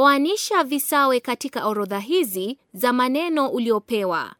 Oanisha visawe katika orodha hizi za maneno uliopewa.